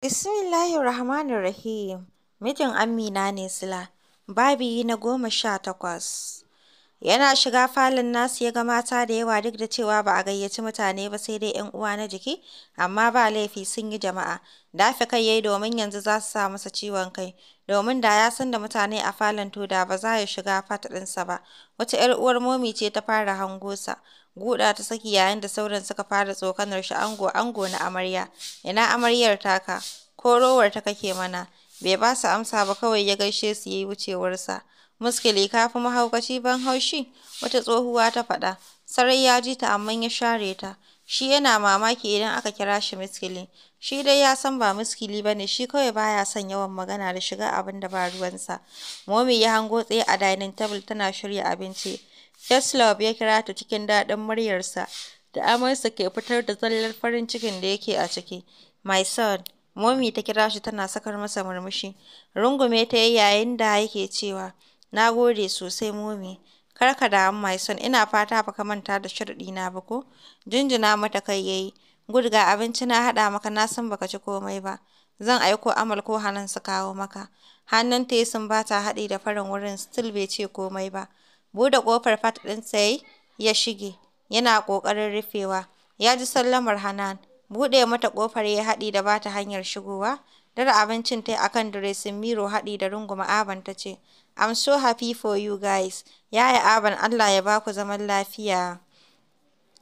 Bismillahirrahmanirrahim. Mijin Amina ne Sila, babi na goma sha takwas. Yana shiga falon nasu ya ga mata da yawa duk da cewa ba a gayyaci mutane ba sai dai 'yan uwa na jiki, amma ba laifi sun yi jama'a. Dafe kai yayi domin yanzu za su sa masa ciwon kai, domin da ya san da mutane a falon to da ba za ya shiga fat ɗinsa ba. Wata 'yar uwar momi ce ta fara hango guda ta saki yayin da sauran suka fara tsokanar shi ango ango na amarya ina amaryar taka ko rowar ta kake mana bai ba su amsa ba kawai ya gaishe su yayi wucewarsa muskili ka fi mahaukaci ban haushi wata tsohuwa ta faɗa sarai ya ji ta amma ya share ta shi yana mamaki idan aka kira shi muskili shi dai ya san ba muskili ba ne shi kawai baya son yawan magana da shiga abin da ba ruwansa momi ya hango tsaye a dining table tana shirya abinci Questlove ya kira ta cikin daɗin muryarsa da amarsa ke fitar da zallar farin cikin da yake a ciki. "My son," Mommy ta kira shi tana sakar masa murmushi. Rungume ta yi yayin da yake cewa, "Na gode sosai Mommy. Kar ka damu my son, ina fata ba ka manta da na ba ko?" Jinjina mata kai yayi yi. abinci na haɗa maka na san baka ci komai ba. Zan aiko Amal ko Hanan su kawo maka." hannun Hannunta ya bata haɗi da farin wurin still bai ce komai ba. buɗe ƙofar fat ɗinsa ya ya shige, yana ƙoƙarin rufewa. Ya ji sallamar Hanan, buɗe mata ƙofar ya haɗi da bata hanyar shigowa. Dare abincin ta akan a kan diresin miro haɗi da runguma Aban ta ce, I'm so happy for you guys. Yaya Aban Allah ya ba ku zaman lafiya.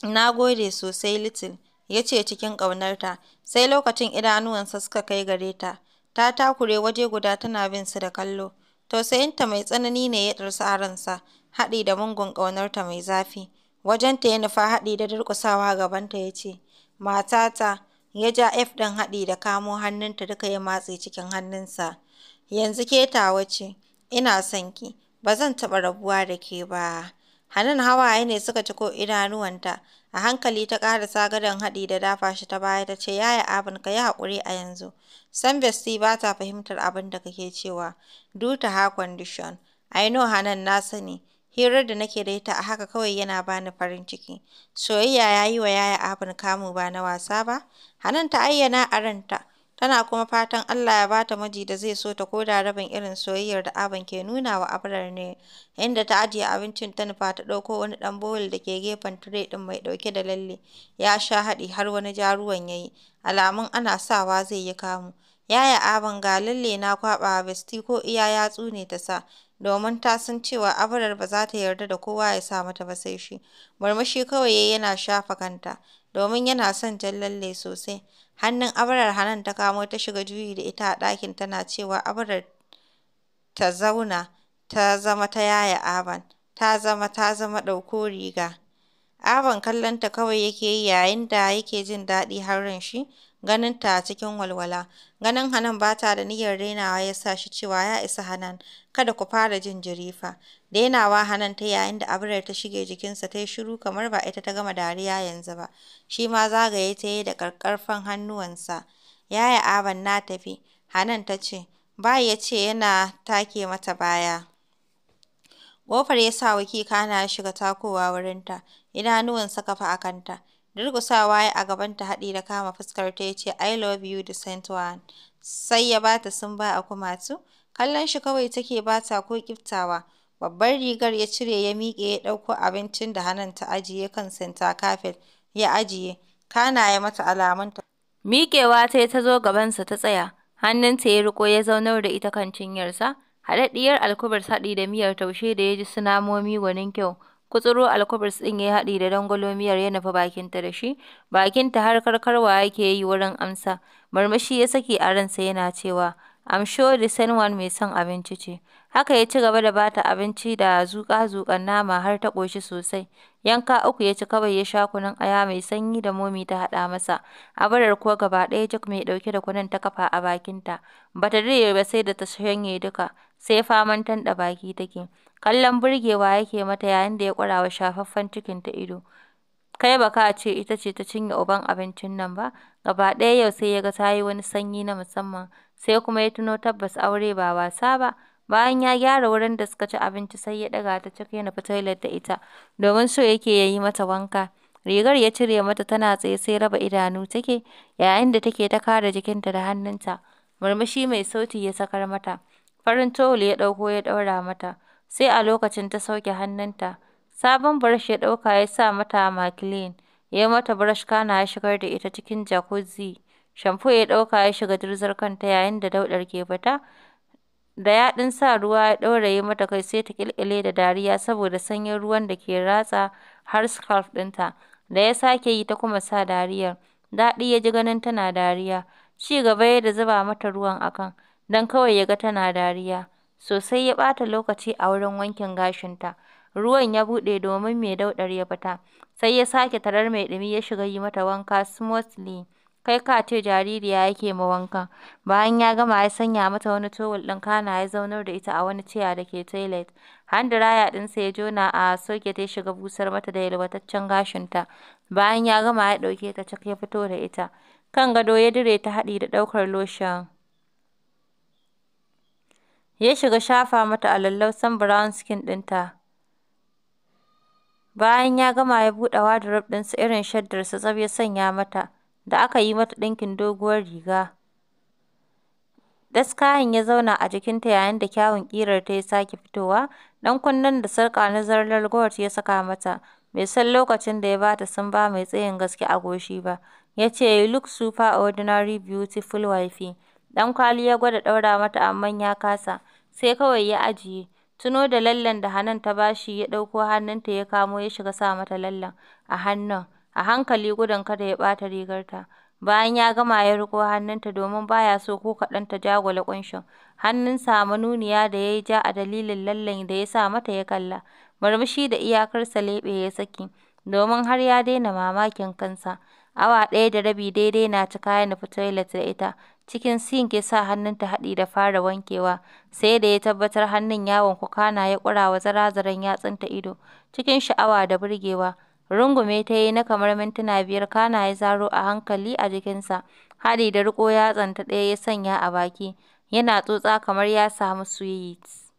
Na gode sosai Little, yace ce cikin ƙaunarta, sai lokacin idanuwansa suka kai gare ta. Ta takure waje guda tana bin su da kallo. Tausayinta mai tsanani ne ya ɗarsu a ransa. haɗi da mungun ƙaunarta mai zafi. Wajenta ya nufa haɗi da durƙusawa gabanta ya ce, Matata, ya ja F ɗin haɗi da kamo hannunta duka ya matse cikin hannunsa. Yanzu ke tawa ce, ina son ki, ba zan taɓa rabuwa da ke ba. Hannun hawaye ne suka ciko idanuwanta, a hankali ta ƙarasa gadon haɗi da dafa shi ta baya ta ce, yaya abin ka yi haƙuri a yanzu. San Besti ba ta fahimtar abin da kake cewa, duta Hakon Dishon, I know Hannun na sani, Hirar da nake da ita a haka kawai yana bani farin ciki. Soyayya ya yi wa yaya abin kamu ba na wasa ba. Hanan ta ayyana a ranta. Tana kuma fatan Allah ya bata miji da zai so ta koda rabin irin soyayyar da Aban ke nuna wa Abrar ne. Inda ta ajiye abincin ta nufa ta ɗauko wani ɗan bowl da ke gefen tire ɗin mai ɗauke da lalle. Ya sha haɗi har wani jaruwan ya yi. Alamun ana sawa zai yi kamu. Yaya Aban ga lalle na kwaɓa besti ko iya yatsu ne ta sa. domin ta san cewa Abrar ba za ta yarda da kowa ya sa mata ba sai shi. Murmushi kawai ya yana shafa kanta, domin yana son jan lalle sosai. Hannun abarar Hanan ta kamo ta shiga juyi da ita a ɗakin tana cewa Abrar ta zauna, ta zama ta yaya Aban, ta zama ta zama ɗauko riga. Aban kallonta kawai yake yi yayin da yake jin daɗi har ran shi, ganin ta cikin walwala. Ganin Hanan ba ta da niyyar dainawa ya sa shi cewa ya isa Hanan, kada ku fara jin jirifa Dainawa Hanan ta yayin da Abirar ta shige jikinsa ta yi shiru kamar ba ita ta gama dariya yanzu ba. Shi ma zagaye ta yi da karkarfan hannuwansa. Yaya Aban na tafi, Hanan ta ce, 'Ba ya ce yana take mata baya. Ƙofar ya sa wuki kana shiga takowa wurinta, idanuwansa kafa a kanta. durgusawa ya a gaban ta haɗi da kama fuskarta ya ce, "I love you, saint one." Sai ya ba ta sumba a kumatu. Kallon shi kawai take ba ta ko kiftawa Babbar rigar ya cire ya miƙe ya ɗauko abincin da hannun ta ajiye kan santa kafet ya ajiye. Kana ya mata alamun ta. Miƙewa ta ta zo gabansa ta tsaya. hannun ta ya riko ya zaunar da ita kan cinyarsa. Haɗaɗɗiyar alkubar haɗi da miyar taushe da ya ji su namomi gwanin kyau. kutsuru alkubus ɗin ya haɗi da dangwalomiyar ya nufi bakinta da shi, bakinta har karkarwa yake yi wurin amsa, marmashi ya saki a ransa yana cewa, I'm sure the one mai son abinci ce. Haka ya ci gaba da bata abinci da zuƙa-zuƙan nama har ta ƙoshi sosai. Yanka uku ya ci kawai ya sha kunun aya mai sanyi da momi ta haɗa masa. Abarar kuwa gaba ɗaya jak mai ɗauke da kunun ta kafa a bakinta. Bata dare ba sai da ta shanye duka, sai faman tanɗa baki take. Kallon burgewa yake mata yayin da ya kura wa shafaffen ta ido. Kai baka ce ita ce ta cinye uban abincin nan ba, gaba ɗaya yau sai ya ga tayi wani sanyi na musamman, sai kuma ya tuno tabbas aure ba wasa ba. Bayan ya gyara wurin da suka ci abinci sai ya ɗaga ta cak na nufi toilet da ita, domin so yake ya yi mata wanka. Rigar ya cire mata tana tsaye sai raba idanu take, yayin da take ta kare jikinta da hannunta. Murmushi mai sauti ya sakar mata, farin towel ya ɗauko ya ɗaura mata. sai a lokacin ta sauke hannunta. Sabon brush ya ɗauka ya sa mata makilin ya yi mata brush kana ya shigar da ita cikin jacuzzi. Shamfo ya ɗauka ya shiga durzar kanta yayin da dauɗar ke fita. Da yaɗin sa ruwa ya ɗauraye mata kai sai ta ƙilƙile da dariya saboda sanyin ruwan da ke ratsa har scarf ɗinta. Da ya sake yi ta kuma sa dariyar. Daɗi ya ji ganin tana dariya. Ci gaba ya da zuba mata ruwan a kan, don kawai ya ga tana dariya. sosai ya ɓata lokaci a wurin wankin gashinta. Ruwan ya buɗe domin mai daudar ya fita, sai ya sake tarar mai ɗumi ya shiga yi mata wanka smoothly. Kai ka ce jaririya yake ma wanka Bayan ya gama ya sanya mata wani towel ɗin kana ya zaunar da ita a wani chair da ke toilet. Handiraya ɗinsa ya jona a soket ya shiga busar mata da yalwataccen gashinta. Bayan ya gama ya ɗauke ta cak ya fito da ita. Kan gado ya dire ta haɗi da ɗaukar lotion. ya shiga shafa mata a lallausan brown skin ɗinta. Bayan ya gama ya buɗe wardrobe ɗinsa irin shaddarsa tsaf ya sanya mata da aka yi mata ɗinkin doguwar riga. Daskayin ya zauna a jikinta yayin da kyawun ta ya sake fitowa, ɗan kunnen da sarƙa na zarlar gwal ya saka mata, bai san lokacin da ya ba ta sumba mai tsayin gaske a goshi ba, ya ce, “You look super ordinary beautiful wifey.” kwali ya gwada ɗaura mata amma ya kasa, sai kawai ya ajiye, tuno da lallen da Hanan ta bashi ya ɗauko hannunta ya kamo ya shiga sa mata lallen a hannun, a hankali gudun kada ya ɓata rigarta. Bayan ya gama ya riƙo hannunta domin baya so ko kaɗan ta jagula ƙunshin, hannun a manuniya da ya yi ja a dalilin lallen da ya sa mata ya kalla, murmushi da iyakarsa leɓe ya saki, domin har ya daina mamakin kansa. Awa ɗaya da rabi daidai na cika ya nufi toilet da ita. cikin sink ya sa hannunta haɗi da fara wankewa, sai da ya tabbatar hannun ya wanku kana ya ƙurawa zarazaren yatsun yatsunta ido, cikin sha'awa da burgewa. Rungume ta yi na kamar mintuna biyar kana ya zaro a hankali a jikinsa, haɗi da riko riƙo yatsanta ɗaya ya sanya a baki, yana tsotsa kamar ya samu sweets.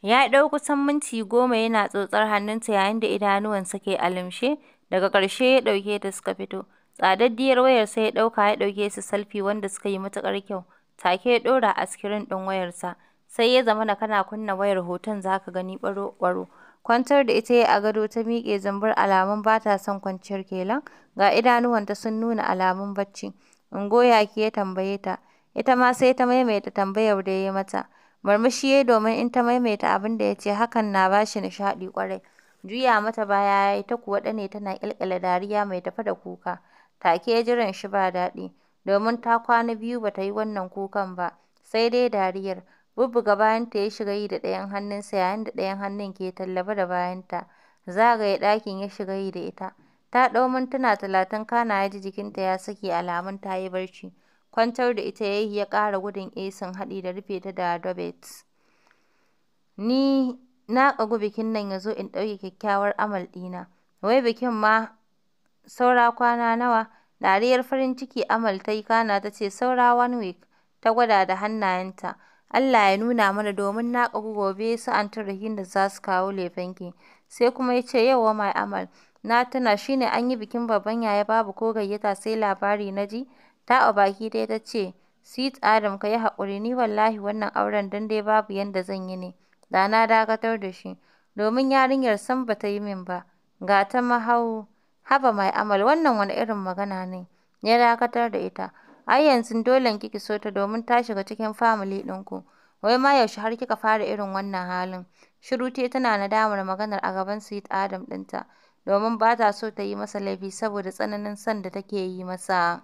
Ya ɗau kusan minti goma yana tsotsar hannunta yayin da idanuwansa ke alimshe daga ƙarshe ya ɗauke ta suka fito. Tsadaddiyar wayar sai ya ɗauka ya ɗauke su salfi wanda suka yi matuƙar kyau, take ya ɗora a sikirin ɗin wayarsa, sai ya zamana kana kunna wayar hoton za ka gani ɓaro-ɓaro. Kwantar da ita ya a gado ta miƙe zambar alamun ba ta son kwanciyar kelan, ga idanuwanta sun nuna alamun bacci. in goya ki? ya tambaye ta. Ita ma sai ta maimaita tambayar da ya yi mata. Murmushi ya yi domin in ta maimaita abin da ya ce hakan na ba shi nishaɗi ƙwarai. Juya mata baya ya yi ta kuwa ɗane tana ƙyalƙyala dariya mai tafe da kuka. take jiran shi ba daɗi, domin ta kwana biyu ba ta yi wannan kukan ba, sai dai dariyar. Bubbuga bayanta ya shiga yi da ɗayan hannunsa yayin da ɗayan hannun ke tallabe da bayanta. Zagaye ɗakin ya shiga yi da ita. Ta ɗau mintuna talatin kana ya jikinta ya saki alamun ta yi barci. Kwantar da ita ya yi ya ƙara gudun esin haɗi da rufe ta da dobet. Ni na ƙagu bikin nan ya zo in ɗauke kyakkyawar amal ɗina. Wai bikin ma “Saura kwana nawa?” dariyar farin ciki Amal ta yi kana ta ce “Saura one week,” ta gwada da hannayenta, “Allah ya nuna mana domin na ƙagu gobe su tarihin da za su kawo lefenki,” sai kuma ya ce yawa mai Amal, na tuna shi ne an yi bikin babban yaya babu ko gayyata sai labari na ji,” ta'a baki dai ta ce “Sweet Adam ka yi haƙuri ni wallahi wannan auren don dai babu yanda zan yi ne, da na dakatar da shi, domin yarinyar san ba ta yi min ba, ga ta mahau.” haba mai amal wannan wani irin magana ne ya dakatar da ita ai yanzu dole ki so ta domin ta shiga cikin family ɗinku wai ma yaushe har kika fara irin wannan halin shiru te tana nadamar maganar a gaban sweet adam ɗinta domin ba ta so ta yi masa laifi saboda tsananin son da take yi masa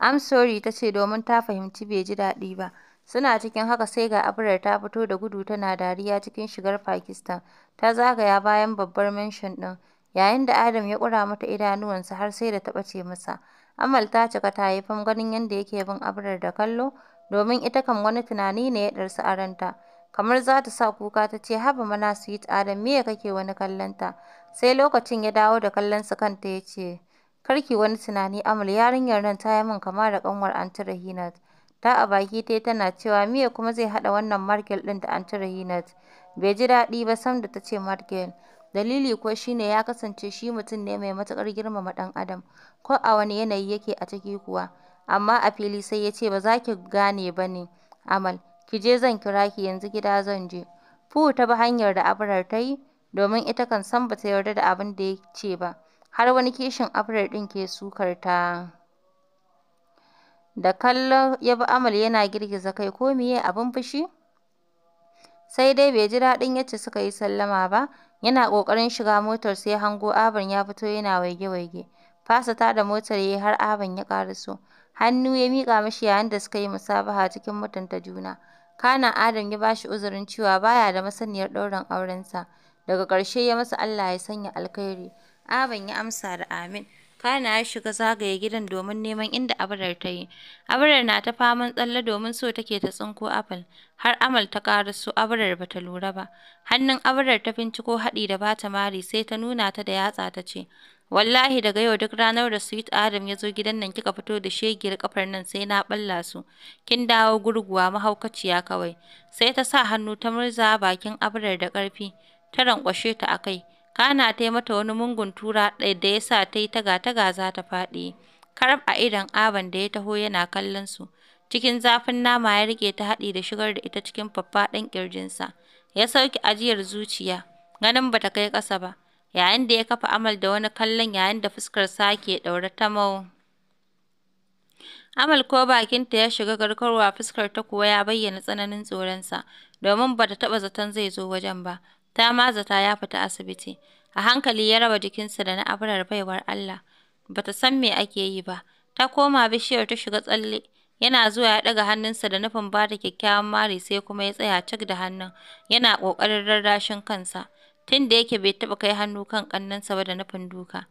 I'm sorry ta ce domin ta fahimci bai ji daɗi ba suna cikin haka sai ga Abrar ta fito da gudu tana dariya cikin shigar Pakistan ta zagaya bayan babbar mansion ɗin Yayin da Adam ya kura mata idanuwansa har sai da ta bace masa, Amal ta cika ta yi fam ganin yadda yake bin Abrar da kallo, domin ita kam wani tunani ne ya ɗarsu a Kamar za ta sa kuka ta ce, haba mana sweet Adam, me kake wani kallonta? Sai lokacin ya dawo da kallonsa kanta ya ce, karki wani tunani Amal yarinyar nan ta yi min kama da ƙanwar Aunty Rahinat. Ta a baki ta tana cewa miye kuma zai haɗa wannan Markel ɗin da Aunty Rahinat. Bai ji daɗi ba sam da ta ce Markel. Dalili kuwa shi ne ya kasance shi mutum ne mai matuƙar girmama ɗan adam, ko a wani yanayi yake a ciki kuwa, amma a fili sai ya ce ba za ki gane ba ne Amal, ki je zan kira ki yanzu gida zan je. fu ta bi hanyar da Abrar ta yi, domin ita kan san ba ta yarda da abin da ya ce ba, har wani kishin Abrar ɗin ke sukar ta. Da kallo ya bi Amal yana girgiza kai ko miye abin fushi? Sai dai bai ji daɗin yacce suka yi sallama ba, Yana ƙoƙarin shiga motar sai ya hango Abin ya fito yana waige-waige. Fasa da motar ya yi har Abin ya so. Hannu ya miƙa mashi yayin da suka yi musabaha cikin mutunta juna. Kana Adam ya bashi uzurin cewa baya da masaniyar ɗaurin aurensa. Daga ƙarshe ya masa Allah ya sanya alkhairi. Abin ya amsa da amin. kana ya shiga zagaye gidan domin neman inda abarar ta yi. Abrar na ta faman tsalle domin so take ta tsinko apple, har Amal ta su Abrar bata lura ba. Hannun abarar ta binciko haɗi da bata mari sai ta nuna ta da yatsa ta ce, Wallahi daga yau duk ranar da Sweet Adam ya zo gidan nan kika fito da shegiyar kafar nan sai na balla su. Kin dawo gurguwa mahaukaciya kawai. Sai ta sa hannu ta murza bakin abarar da ƙarfi, ta rankwashe ta a kai. kana ta mata wani mungun tura da ya sa ta yi taga-taga za ta faɗi. Karab a idon aban da ya taho yana kallon su. Cikin zafin nama ya rike ta haɗi da shigar da ita cikin faffaɗan ƙirjinsa. Ya sauki ajiyar zuciya, ganin bata kai ƙasa ba. Yayin da ya kafa amal da wani kallon yayin da fuskar sa ke ɗaure ta mau. Amal ko bakinta ya shiga garkarwa fuskar ta kuwa ya bayyana tsananin tsoronsa, domin bata taɓa zaton zai zo wajen ba. ta mazata ta ya fita asibiti. A hankali ya raba jikinsa da na abarar baiwar Allah. Bata san me ake yi ba. Ta koma bishiyar ta shiga tsalle. Yana zuwa ya ɗaga hannunsa da nufin ba da kyakkyawan mari sai kuma ya tsaya cik da hannun. Yana ƙoƙarin rarrashin kansa. Tun yake bai taba kai hannu kan ƙannensa ba da nufin duka.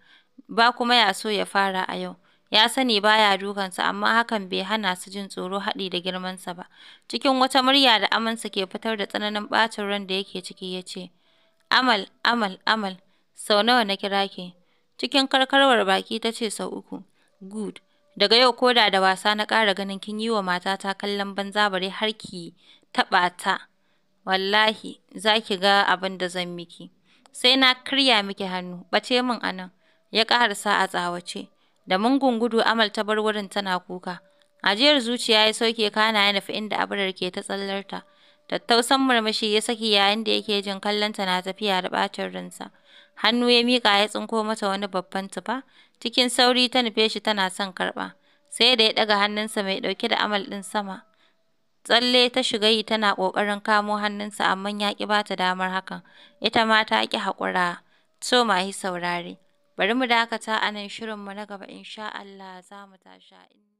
Ba kuma ya so ya fara a yau. Ya sani ba ya dukansa, amma hakan bai hana su jin tsoro haɗi da girmansa ba. Cikin wata murya da amansa ke fitar da tsananin ɓacin ran da yake ciki ya ce, Amal, Amal, Amal, sau nawa na kira ki? Cikin karkarwar baki ta ce sau uku. Good. Daga yau koda da wasa na ƙara ganin kin yi wa matata kallon banza bare har ki taɓa ta. Wallahi, za ki ga abin da zan miki. Sai na karya miki hannu, ɓace min anan nan. Ya ƙarasa a tsawace. Da mungun gudu Amal ta bar wurin tana kuka. Ajiyar zuciya ya sauke kana ya nufi inda Abrar ke ta tsallarta. Tattausan murmushi ya saki yayin da yake jin kallonta na tafiya da bacin ransa. Hannu ya mika ya tsinko mata wani babban tufa, cikin sauri ta nufe shi tana son karɓa. Sai da ya ɗaga hannunsa mai ɗauke da amal ɗin sama. Tsalle ta shiga yi tana ƙoƙarin kamo hannunsa amma ya ƙi bata damar hakan, ita ma ta ƙi haƙura. So ma saurare. Bari mu dakata a nan, shirinmu na gaba in Allah za mu tashi a